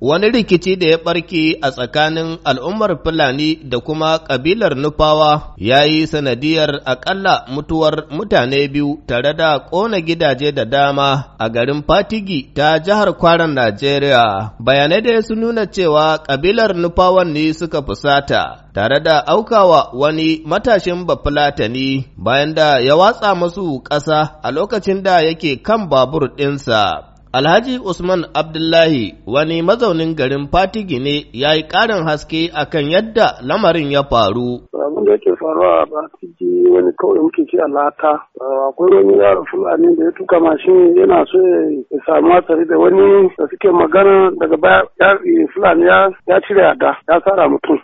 Wani rikici da ya ɓarke a tsakanin al'ummar Fulani da kuma ƙabilar Nufawa ya yi sanadiyar aƙalla mutuwar mutane biyu tare da ƙona gidaje da dama a garin Fatigi ta jihar Kwaran Najeriya. Bayanai da su nuna cewa ƙabilar Nufawan ne suka fusata tare da aukawa wani matashin Bafulatani bayan da ya watsa masu ƙasa a lokacin da yake kan babur ɗinsa. Alhaji Usman Abdullahi wani mazaunin garin Fatigi ne ya yi ƙarin haske akan yadda lamarin ya faru. abin da yake faruwa ba su ji wani kawai muke a alata akwai wani yaro fulani da ya tuka mashin yana so ya samu hatsari da wani da suke magana daga baya fulani ya cire ada ya sara mutum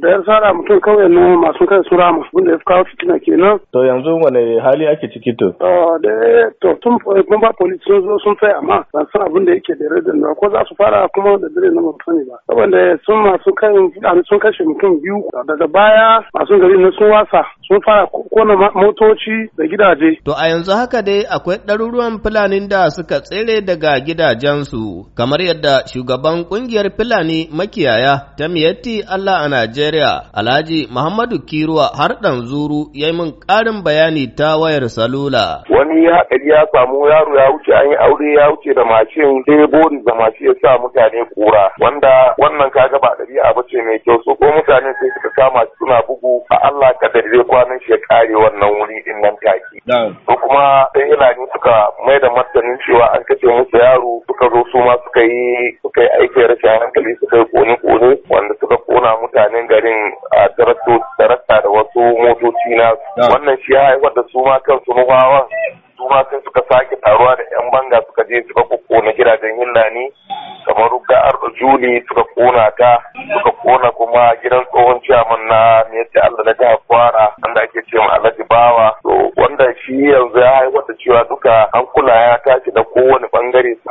da ya sara mutum kawai na masu kai su rama wanda ya kawo fitina kenan to yanzu wani hali ake ciki to to da to tun kun ba police sun zo sun tsaya amma ba san abin da yake da redon ko za su fara kuma da dare na ba sani ba saboda sun masu kai sun kashe mutum biyu daga baya masu garin nan sun wasa sun fara kona motoci da gidaje. To a yanzu haka dai akwai ɗaruruwan Fulanin da suka tsere daga gidajensu, kamar yadda shugaban ƙungiyar Fulani makiyaya ta miyatti Allah a Najeriya, Alhaji Muhammadu Kiruwa har ɗan zuru ya yi min ƙarin bayani ta wayar salula. Wani haɗari ya samu yaro ya wuce an yi aure ya wuce da mashin sai bori da mashin ya sa mutane kura wanda wannan kaga ba ɗabi'a ba ce mai kyau so ko mutane sai suka kama suna bugu a Allah kadari zai kwanan shi ya kare wannan wuri din nan take. To kuma sai ni suka mai da martanin cewa an kace musu yaro suka zo su ma suka yi suka yi aikin rashin hankali suka yi kone-kone wanda suka kona mutanen garin a darasta da wasu motoci na wannan shi ya haifar da su ma kansu nufawan su ma sai suka sake taruwa da yan banga suka je suka kokkona gidajen hillani kamar ga arda juli suka kona ta suka kona kuma gidan tsohon ciyaman na mai Allah na jihar kwara cewa duka hankula ya tashi da kowane bangare su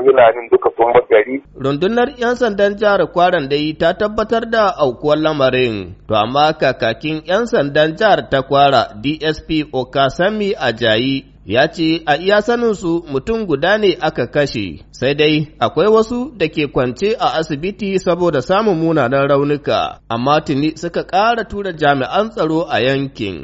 duka sun gari. Rundunar 'yan sandan jihar Kwaran dai ta tabbatar da aukuwar lamarin, to amma kakakin 'yan sandan jihar ta Kwara DSP Okasami Ajayi ya ce a iya su mutum guda ne aka kashe, sai dai akwai wasu da ke kwance a asibiti saboda samun munanan raunuka, amma tuni suka ƙara tura jami'an tsaro a yankin.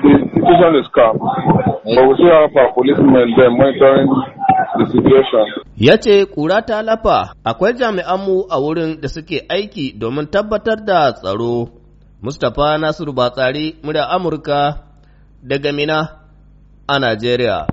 Ya ce kura ta lafa akwai jami'anmu a wurin da suke aiki domin tabbatar da tsaro. Mustapha Nasiru Batsari, murya Amurka daga Mina a Najeriya.